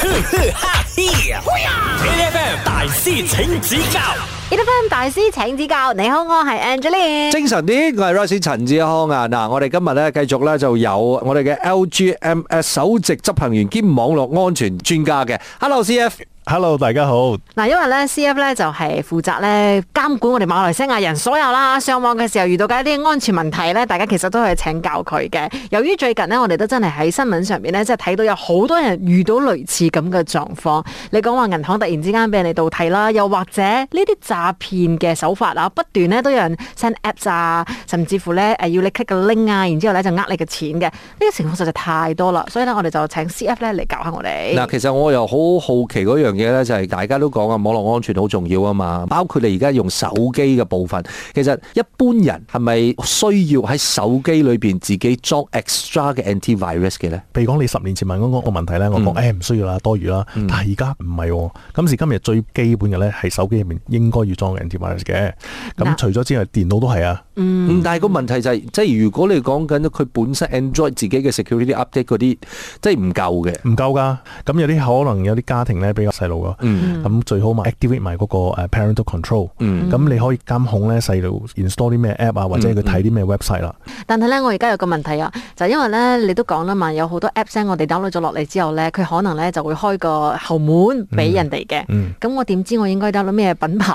哼哼哈嘿，A F M 大師請，指教。 大師，請指教。你好，我係 Angeline。精神啲，我係 Royce 陳志康啊。嗱，我哋今日咧繼續咧就有我哋嘅 LGMS 首席執行員兼網絡安全專家嘅。Hello CF，Hello 大家好。嗱，因為咧 CF 咧就係負責咧監管我哋馬來西亞人所有啦，上網嘅時候遇到嘅一啲安全問題咧，大家其實都可以請教佢嘅。由於最近呢，我哋都真係喺新聞上面咧即係睇到有好多人遇到類似咁嘅狀況。你講話銀行突然之間俾人哋盜提啦，又或者呢啲詐騙嘅手法啊，不斷咧都有人 send apps 啊，甚至乎咧誒要你 click 個 link 啊，然之後咧就呃你嘅錢嘅，呢個情況實在太多啦。所以呢我哋就請 CF 咧嚟教下我哋。嗱，其實我又好好奇嗰樣嘢咧，就係、是，大家都講啊，網絡安全好重要啊嘛。包括你而家用手機嘅部分，其實一般人係咪需要喺手機裏邊自己裝 extra 嘅 anti virus 嘅咧？譬如講你十年前問嗰個問題咧，我講誒唔需要啦，多餘啦，嗯。但係而家唔係，今時今日最基本嘅咧係手機入面應該。預裝嘅咁除咗之外，電腦都係啊。嗯嗯嗯、但係個問題就係、是，即係如果你講緊佢本身 Android 自己嘅 security 啲 update 嗰啲，即係唔夠嘅，唔夠㗎。咁有啲可能有啲家庭咧，比較細路啊，咁、嗯、最好 activate 埋嗰個 parental control、嗯。咁你可以監控咧細路 install 啲咩 app 啊，或者佢睇啲咩 website 啦。但係咧，我而家有個問題啊，就因為咧你都講啦嘛，有好多 apps 咧我哋 download 咗落嚟之後咧，佢可能咧就會開個後門俾人哋嘅。咁、嗯嗯、我點知我應該 download 咩品牌？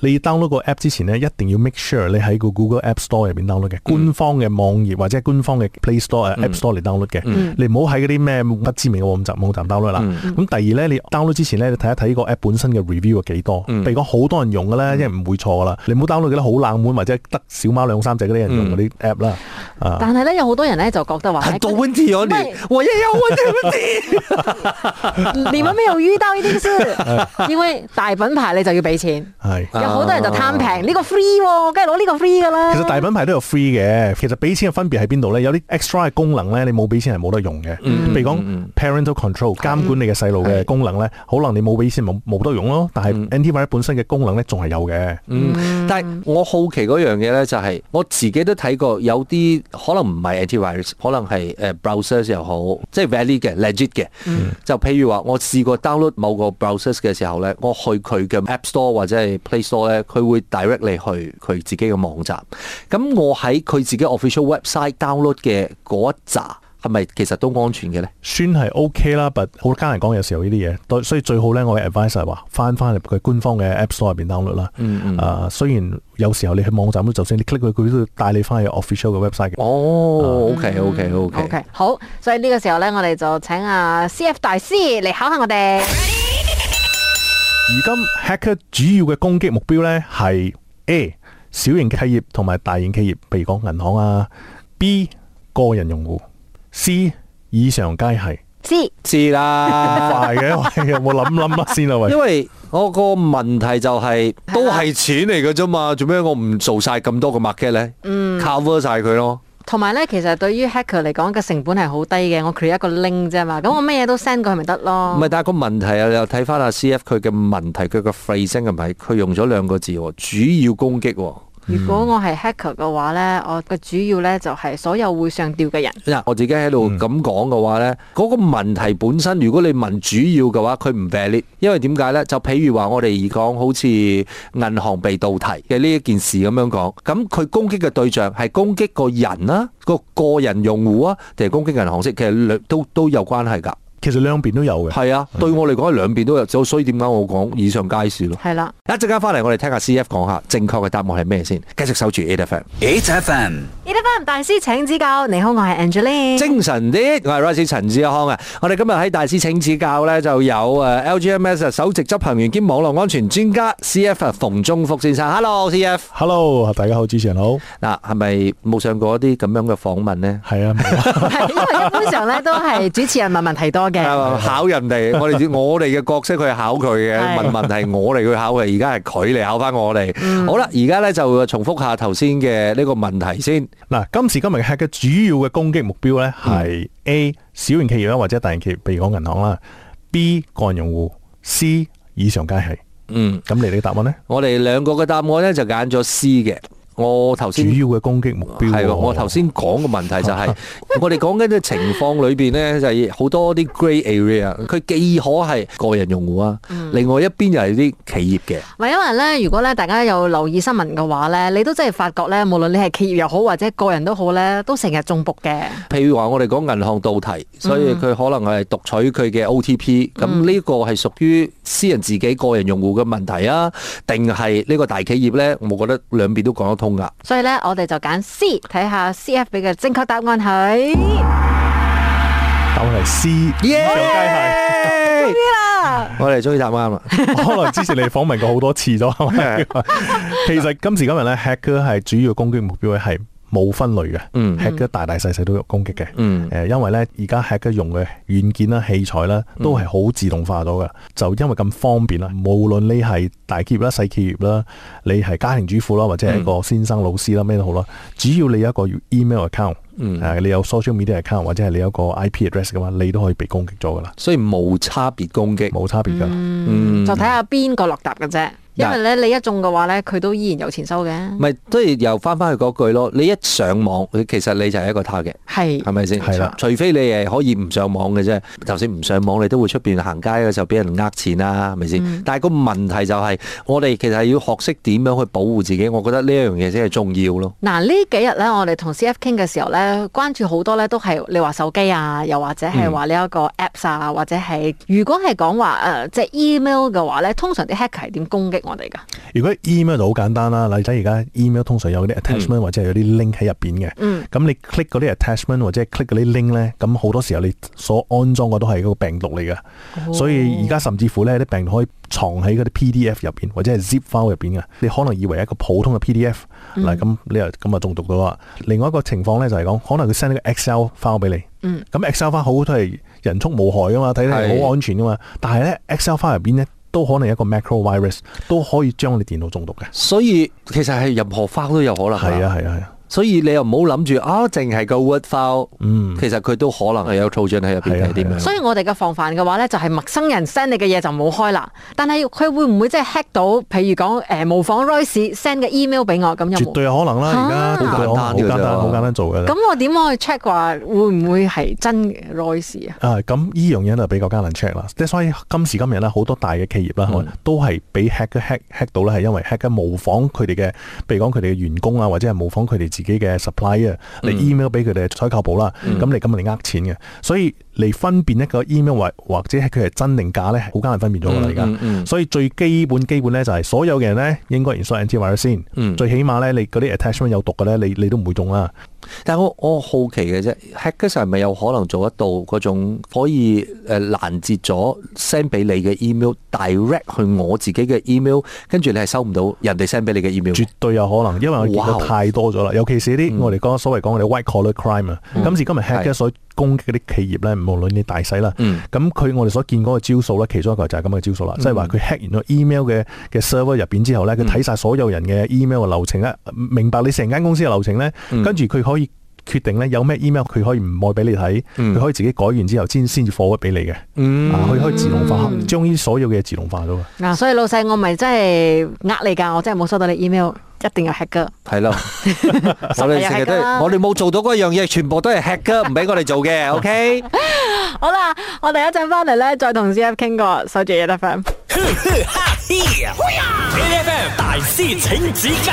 你 download 個 app 之前呢，一定要 make sure 你喺個 Google App Store 入邊 download 嘅官方嘅網頁或者官方嘅 Play Store、嗯、App Store 嚟 download 嘅。你唔好喺嗰啲咩不知名嘅網站網站 download 啦。咁、嗯、第二咧，你 download 之前咧，你睇一睇呢個 app 本身嘅 review 有幾多。譬如講好多人用嘅咧，因為唔會錯噶啦。你唔好 download 好冷門或者得小貓兩三隻嗰啲人用嗰啲 app 啦、嗯啊。但係咧，有好多人咧就覺得話，我一有， 你們沒有遇到事，呢啲係因為大品牌你就要俾錢。係。好多人就貪平，呢、啊呢個 free 喎、哦，梗係攞呢個 free 㗎啦。其實大品牌都有 free 嘅，其實俾錢嘅分別喺邊度呢？有啲 extra 嘅功能呢，你冇俾錢係冇得用嘅。嗯，譬如講 parental control 監、嗯、管你嘅細路嘅功能呢、嗯，可能你冇俾錢冇冇得用囉、嗯。但係 anti-virus 本身嘅功能呢，仲係有嘅。但係我好奇嗰樣嘢呢，就係我自己都睇過有啲可能唔係 anti-virus，可能係 browser 又好，即係 valid 嘅 legit 嘅、嗯。就譬如話我試過 download 某個 browser 嘅時候呢，我去佢嘅 app store 或者係 play store。佢會 direct 你去佢自己嘅網站，咁我喺佢自己 official website download 嘅嗰一紮係咪其實都安全嘅咧？算係 OK 啦，但好多家人講嘅時候呢啲嘢，所以最好咧，我嘅 advice 話翻翻入佢官方嘅 app store 入邊 download 啦，嗯嗯。啊，雖然有時候你喺網站都就算你 click 佢，哦，佢都帶你翻去 official 嘅 website 嘅。哦，OK OK OK OK。好，所以呢個時候咧，我哋就請阿、啊、CF 大師嚟考下我哋。而今 hacker 主要嘅攻擊目標咧係 A 小型企業同埋大型企業，譬如講銀行啊；B 個人用戶；C 以上皆係。知是啦，咁快嘅，有冇諗諗先啦，喂。因為我個問題就係、是、都係錢嚟嘅啫嘛，做咩我唔做晒咁多個 market 咧？嗯，cover 晒佢咯。同埋咧，其實對於 hacker 嚟講，個成本係好低嘅。我 create 一個 link 啫嘛，咁我乜嘢都 send 過係咪得咯？唔係，但係個問題啊，你又睇翻啊 CF 佢嘅問題，佢個 phrasing 係咪？佢用咗兩個字，主要攻擊。如果我係 hacker 嘅話呢，我嘅主要呢就係所有會上吊嘅人。嗱，我自己喺度咁講嘅話呢，嗰個問題本身，如果你問主要嘅話，佢唔 valid，因為點解呢？就譬如話我哋而講好似銀行被盜提嘅呢一件事咁樣講，咁佢攻擊嘅對象係攻擊個人啊，個個人用戶啊，定係攻擊銀行式，其實兩都都有關係㗎。其實兩邊都有嘅，係啊，對我嚟講，兩邊都有，嗯、所以點解我講以上皆是咯？係啦，一陣間翻嚟，我哋聽下 C F 講下正確嘅答案係咩先？繼續守住 Eight FM，Eight FM，Eight FM 大師請指教。你好，我係 Angeline，精神啲，我係 Royce 陳志康啊。我哋今日喺大師請指教呢，就有誒 L G M S 首席執行員兼網絡安全專家 C F 馮宗福先生。Hello，C F，Hello，Hello, 大家好，主持人好。嗱，係咪冇上過一啲咁樣嘅訪問呢？係啊，係、啊、 因為通常咧都係主持人問問題多。考人哋，我哋我哋嘅角色，佢係考佢嘅，問問題，我哋去考佢。而家係佢嚟，考翻我哋。好啦，而家咧就重複下頭先嘅呢個問題先。嗱，今時今日嘅主要嘅攻擊目標咧係 A 小型企業啦，或者大型企業，譬如講銀行啦。B 個人用戶，C 以上皆係。嗯，咁你哋嘅答案咧？我哋兩個嘅答案咧就揀咗 C 嘅。我頭先主要嘅攻擊目標係我頭先講嘅問題就係。 我哋講緊嘅情況裏面咧，就係、是、好多啲 grey area，佢既可係個人用戶啊，另外一邊又係啲企業嘅。唔、嗯、因為咧，如果咧大家有留意新聞嘅話咧，你都真係發覺咧，無論你係企業又好，或者個人都好咧，都成日中毒嘅。譬如話，我哋講銀行盜提，所以佢可能係讀取佢嘅 OTP，咁、嗯、呢個係屬於私人自己個人用戶嘅問題啊，定係呢個大企業咧？我覺得兩邊都講得通噶、啊。所以咧，我哋就揀 C，睇下 CF 俾嘅正確答案係。答案係 C，上街係，我哋中意答啱啦。可能之前你訪問過好多次咗，其實今時今日咧，Hacker 係主要攻擊目標嘅係。冇分類嘅，Hacker、嗯、嘅大大細細都有攻擊嘅、嗯。因為咧而家 hacker 用嘅軟件啦、器材啦，都係好自動化咗嘅、嗯。就因為咁方便啦，無論你係大企業啦、細企業啦，你係家庭主婦啦，或者係一個先生、老師啦，咩、嗯、都好啦，只要你有一個 email account，、嗯、你有 social media account 或者係你有一個 IP address 嘅話，你都可以被攻擊咗嘅啦。所以冇差別攻擊，冇差別㗎。嗯，就睇下邊個落搭嘅啫。因為咧，你一中嘅話咧，佢都依然有錢收嘅。咪都係又翻翻去嗰句咯，你一上網，其實你就係一個 target，係係咪先？係啦，除非你誒可以唔上網嘅啫，頭先唔上網，你都會出邊行街嘅時候俾人呃錢啦，係咪先、嗯？但係個問題就係、是，我哋其實要學識點樣去保護自己，我覺得呢一樣嘢先係重要咯。嗱，呢幾日咧，我哋同 C F 傾嘅時候咧，關注好多咧，都係你話手機啊，又或者係話呢一個 apps 啊、嗯，或者係如果係講話誒，即係 email 嘅話咧，通常啲 hack 係點攻擊？我如果 email 就好簡單啦。例如睇而家 email 通常有啲 attachment、嗯、或者有啲 link 喺入邊嘅。咁、嗯、你 click 嗰啲 attachment 或者 click 嗰啲 link 咧，咁好多時候你所安裝嘅都係嗰個病毒嚟嘅。Okay. 所以而家甚至乎咧，啲病毒可以藏喺嗰啲 PDF 入邊或者係 zip file 入邊嘅。你可能以為一個普通嘅 PDF，嗱、嗯、咁你又咁啊中毒到啦。另外一個情況咧就係講，可能佢 send 呢個 Excel file 俾你。咁、嗯、Excel file 好都係人畜無害噶嘛，睇睇好安全噶嘛。但係咧，Excel file 入邊咧？都可能一個 macro virus 都可以將你電腦中毒嘅，所以其實係任何花都有可能。係啊，係啊，係啊。所以你又唔好諗住啊，淨係個 word file，嗯、其實佢都可能係有套件喺入邊。所以我哋嘅防範嘅話呢，就係、是、陌生人 send 你嘅嘢就冇開啦。但係佢會唔會即係 hack 到？譬如講誒、呃，模仿 Rice send 嘅 email 俾我，咁又絕對可能啦。而家簡單，好、啊、簡，簡單，好、啊、簡單做嘅。咁我點可去 check 話會唔會係真 Rice 咁呢樣嘢就比較艱難 check 啦。即係所以今時今日呢，好多大嘅企業啦、嗯，都係被 hack 嘅、um, hack hack 到咧，係因為 hack 嘅模仿佢哋嘅，譬如講佢哋嘅員工啊，或者係模仿佢哋。自己嘅 supplier 你 email 俾佢哋採購部啦，咁你咁你呃錢嘅，所以。嚟分辨一個 email 或或者係佢係真定假咧，好艱難分辨咗啦而家。所以最基本基本咧就係所有嘅人咧，應該先 install anti-virus 先。最起碼咧，你嗰啲 attachment 有毒嘅咧，你你都唔會用啦。但係我我好奇嘅啫 hacker 係咪有可能做得到嗰種可以誒攔截咗 send 俾你嘅 email direct 去我自己嘅 email，跟住你係收唔到人哋 send 俾你嘅 email？絕對有可能，因為我太多咗啦。尤其是啲、嗯、我哋講所謂講我哋 white collar crime 啊、嗯，今次今日 hack 攻擊嗰啲企業咧，無論你大細啦，咁、嗯、佢我哋所見嗰個招數咧，其中一個就係咁嘅招數啦，即係話佢 hack 完咗 email 嘅嘅 server 入邊之後咧，佢睇曬所有人嘅 email 嘅流程咧、嗯，明白你成間公司嘅流程咧、嗯，跟住佢可以。決定咧，有咩 email 佢可以唔愛俾你睇，佢可以自己改完之後先先至火俾你嘅。嗯，佢、啊、可以自動化，將依所有嘅嘢自動化咗。嗱、啊，所以老細我咪真係呃你噶，我真係冇收到你 email，一定要黑噶。係咯， 我哋成日都 我哋冇做到嗰樣嘢，全部都係黑噶，唔俾我哋做嘅。OK， 好啦，我哋一陣翻嚟咧， 再同 CF 傾個守住嘢。T F 大師請指教。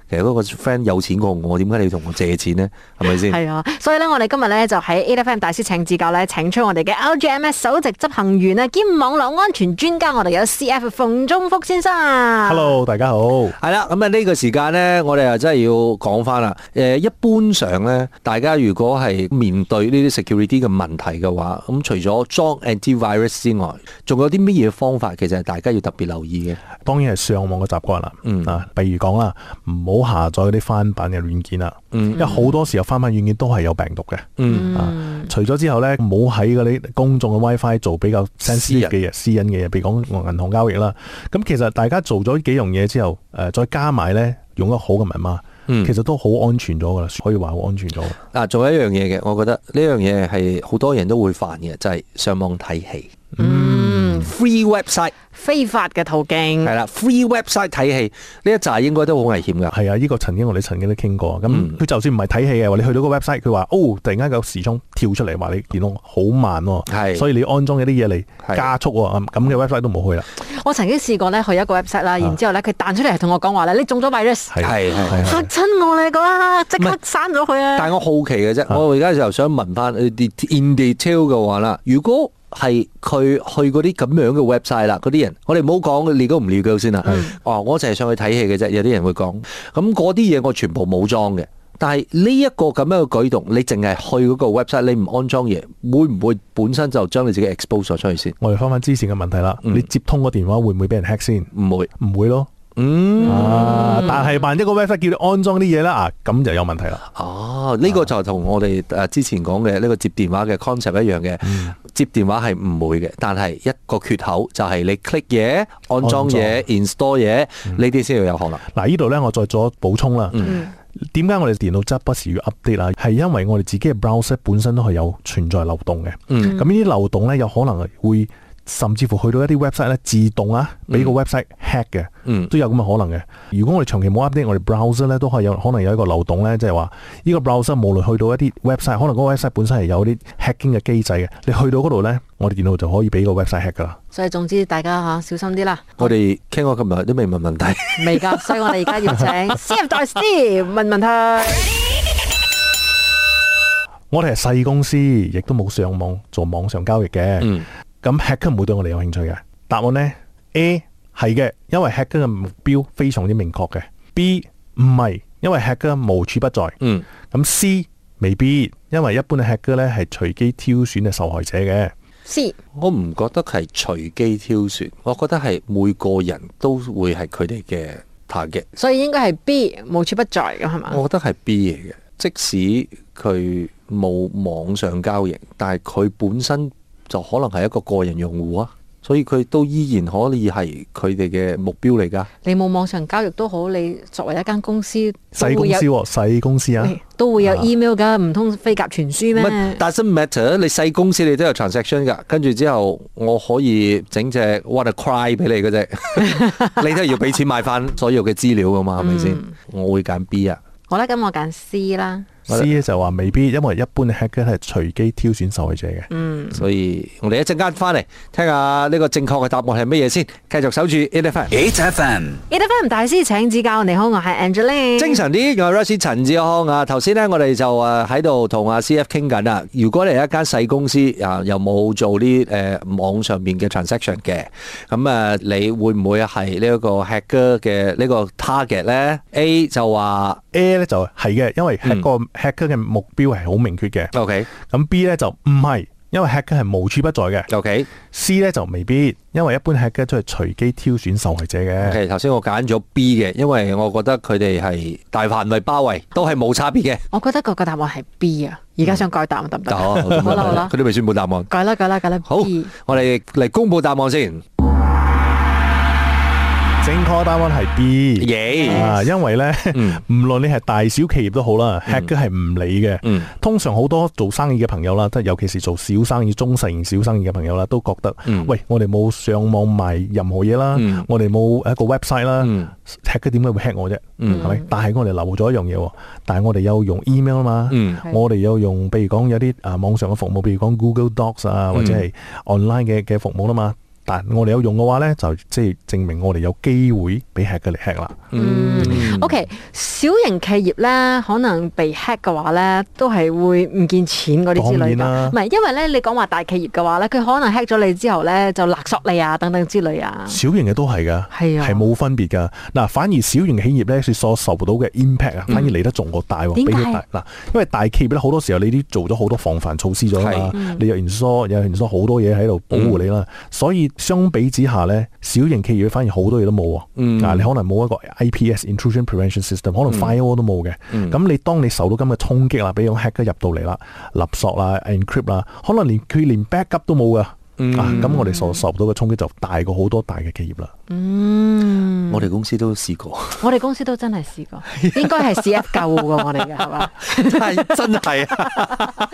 其實嗰個 friend 有錢過我，點解你要同我借錢呢？係咪先？係啊，所以咧，我哋今日咧就喺 A. F. M. 大師請指教咧，請出我哋嘅 L. G. M. S. 首席執行員啊兼網絡安全專家，我哋有 C. F. 馮宗福先生。Hello，大家好。係啦，咁啊呢個時間咧，我哋啊真係要講翻啦。誒，一般上咧，大家如果係面對呢啲 security 嘅問題嘅話，咁除咗裝 anti-virus 之外，仲有啲乜嘢方法？其實大家要特別留意嘅。當然係上網嘅習慣啦。嗯啊，比如講啦，唔好。唔好下載嗰啲翻版嘅軟件啦，因為好多時候翻版軟件都係有病毒嘅。嗯，啊、除咗之後咧，唔好喺嗰啲公眾嘅 WiFi 做比較私隱嘅嘢、私隱嘅嘢，比如講銀行交易啦。咁、啊、其實大家做咗幾樣嘢之後，誒、啊，再加埋咧，用咗好嘅密碼，其實都好安全咗噶啦，可以話好安全咗。嗱、啊，仲有一樣嘢嘅，我覺得呢樣嘢係好多人都會犯嘅，就係、是、上網睇戲。嗯。Free website 非法嘅途徑係啦，Free website 睇戲呢一扎應該都好危險噶。係啊，呢個曾經我哋曾經都傾過。咁佢就算唔係睇戲嘅話，你去到個 website，佢話哦，突然間個時鐘跳出嚟，話你電腦好慢喎。係，所以你安裝一啲嘢嚟加速。咁嘅 website 都冇去啦。我曾經試過咧去一個 website 啦，然之後佢彈出嚟同我講話你中咗 virus，吓親我咧，嗰下即刻刪咗佢啊！但係我好奇嘅啫，我而家就想問翻啲 in detail 嘅話啦，如果。係佢去嗰啲咁樣嘅 website 啦，嗰啲人我哋唔好講，你都唔理佢先啦。哦，我淨係上去睇戲嘅啫，有啲人會講，咁嗰啲嘢我全部冇裝嘅。但係呢一個咁樣嘅舉動，你淨係去嗰個 website，你唔安裝嘢，會唔會本身就將你自己 expose 咗出去先？我哋翻翻之前嘅問題啦、嗯，你接通個電話會唔會俾人 hack 先？唔會，唔會咯。嗯，啊、但係萬一個 website 叫你安裝啲嘢啦，啊，咁就有問題啦。哦、啊，呢、這個就同我哋誒之前講嘅呢個接電話嘅 concept 一樣嘅、嗯。接電話係唔會嘅，但係一個缺口就係你 click 嘢、安裝嘢、install 嘢呢啲先要有可能。嗱，呢度呢，我再做補充啦。嗯，點解我哋電腦則不時要 update 啦係因為我哋自己嘅 browser 本身都係有存在漏洞嘅。嗯，咁呢啲漏洞呢，有可能會。甚至乎去到一啲 website 咧，自動啊俾個 website hack 嘅、嗯，都有咁嘅可能嘅。如果我哋長期冇 update，我哋 browser 咧都係有可能有一個漏洞咧，即係話呢個 browser 無論去到一啲 website，可能嗰個 website 本身係有啲 hacking 嘅機制嘅，你去到嗰度咧，我哋電腦就可以俾個 website hack 噶啦。所以總之大家吓小心啲啦。我哋傾過今日都未問問題，未噶，所以我哋而家要請 CF CF 問問題。我哋係細公司，亦都冇上網做網上交易嘅。嗯咁 Hack 哥唔會對我哋有興趣嘅？答案呢 A 係嘅，因為 Hack 哥嘅目標非常之明確嘅。B 唔係，因為 Hack 哥無處不在。嗯，咁 C 未必，因為一般嘅 Hack 哥呢係隨機挑選嘅受害者嘅。C 我唔覺得係隨機挑選，我覺得係每個人都會係佢哋嘅 target。所以應該係 B 無處不在嘅係嘛？我覺得係 B 嚟嘅，即使佢冇網上交易，但係佢本身。就可能係一個個人用戶啊，所以佢都依然可以係佢哋嘅目標嚟噶。你冇網上交易都好，你作為一間公司，細公司喎，細公司啊，都會有 email 噶，唔通飛鴿傳書咩？But it doesn't matter，你細公司你都有 transaction 噶，跟住之後我可以整隻 WannaCry 俾你嘅啫。 你都要俾錢買翻所有嘅資料噶嘛，係咪先？ 我會揀 B 啊，好啦，咁我揀 C 啦。C 咧就話未必，因為一般 hacker 係隨機挑選受害者嘅。嗯，所以我哋一陣間翻嚟聽下呢個正確嘅答案係乜嘢先。繼續守住 8FM，8FM，8FM，大師請指教。你好，我係 Angeline。精神啲，我係 Royce 陳志康啊。頭先呢，我哋就誒喺度同阿 CF 傾緊啦。如果你係一間細公司啊，又冇做呢誒網上面嘅 transaction 嘅，咁誒你會唔會係呢一個 hacker 嘅呢個 target 咧？A 就話。A 咧就係、是、嘅，因為一個黑客嘅目標係好明確嘅。OK，咁 B 咧就唔係，因為黑客係無處不在嘅。OK，C 咧就未必，因為一般黑客都係隨機挑選受害者嘅。OK，頭先我揀咗 B 嘅，因為我覺得佢哋係大範圍包圍，都係冇差別嘅。我覺得個個答案係 B 啊，而家想改答案得唔得？好，好啦好啦，佢都未宣布答案，改啦改啦改啦，好，B，我哋嚟公布答案先。正確答案係 B，啊、yes，呃，因為咧，無、嗯、論你係大小企業都好啦、嗯、hack 都係唔理嘅、嗯。通常好多做生意嘅朋友啦，即係尤其是做小生意、中小型小生意嘅朋友啦，都覺得，嗯、喂，我哋冇上網賣任何嘢啦、嗯，我哋冇一個 website 啦，hack 點解會 hack 我啫？係、嗯、咪？但係我哋留咗一樣嘢，但係我哋有用 email 啊嘛，嗯、我哋有用，譬如講有啲啊網上嘅服務，譬如講 Google Docs 啊，嗯、或者係 online 嘅嘅服務啦嘛。我哋有用嘅話咧，就即係證明我哋有機會俾 hack 嘅嚟 hack 啦。嗯，OK，小型企業咧可能被 hack 嘅話咧，都係會唔見錢嗰啲之類。當然啦，唔係、啊、因為咧，你講話大企業嘅話咧，佢可能 hack 咗你之後咧，就勒索你啊等等之類啊。小型嘅都係噶，係啊，係冇分別噶。嗱，反而小型企業咧所受到嘅 impact 反而嚟得仲過大。點、嗯、解？嗱，因為大企業咧好多時候你啲做咗好多防範措施咗啦，你又連鎖，有連鎖好多嘢喺度保護你啦，所以。相比之下咧，小型企業反而好多嘢都冇、嗯、啊！你可能冇一個 IPS intrusion prevention system，可能 firewall 都冇嘅。咁、嗯、你當你受到咁嘅衝擊啦，比如 hack 入到嚟啦、勒索啦、encrypt 啦，可能連連佢連 backup 都冇噶。咁、嗯啊、我哋所受到嘅衝擊就大過好多大嘅企業啦。嗯，我哋公司都試過，我哋公司都真係試過， 應該係試一嚿嘅我哋嘅係嘛？ 真係係。